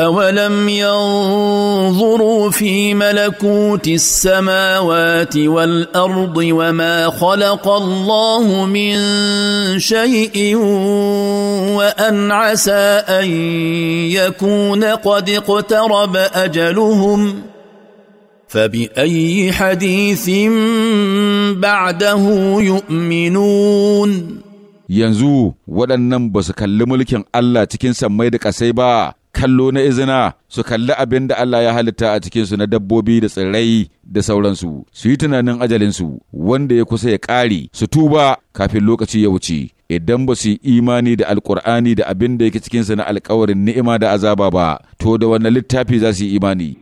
أولم ينظروا في ملكوت السماوات والأرض وما خلق الله من شيء وأن عسى أن يكون قد اقترب أجلهم فبأي حديث بعده يؤمنون ينزو ولا ننبس كلم kalli الله تكن سميدك سيبا kallo na izina su kalli abin da Allah ya halitta a cikinsu na dabbobi da tsirrai da sauransu su yi tunanin ajalinsu wanda ya kusa ya ƙare su tuba kafin lokaci ya wuce idan ba su yi imani da alkur'ani da abin da yake cikinsa na alkawarin ni'ima da azaba ba to da wannan littafi za su yi imani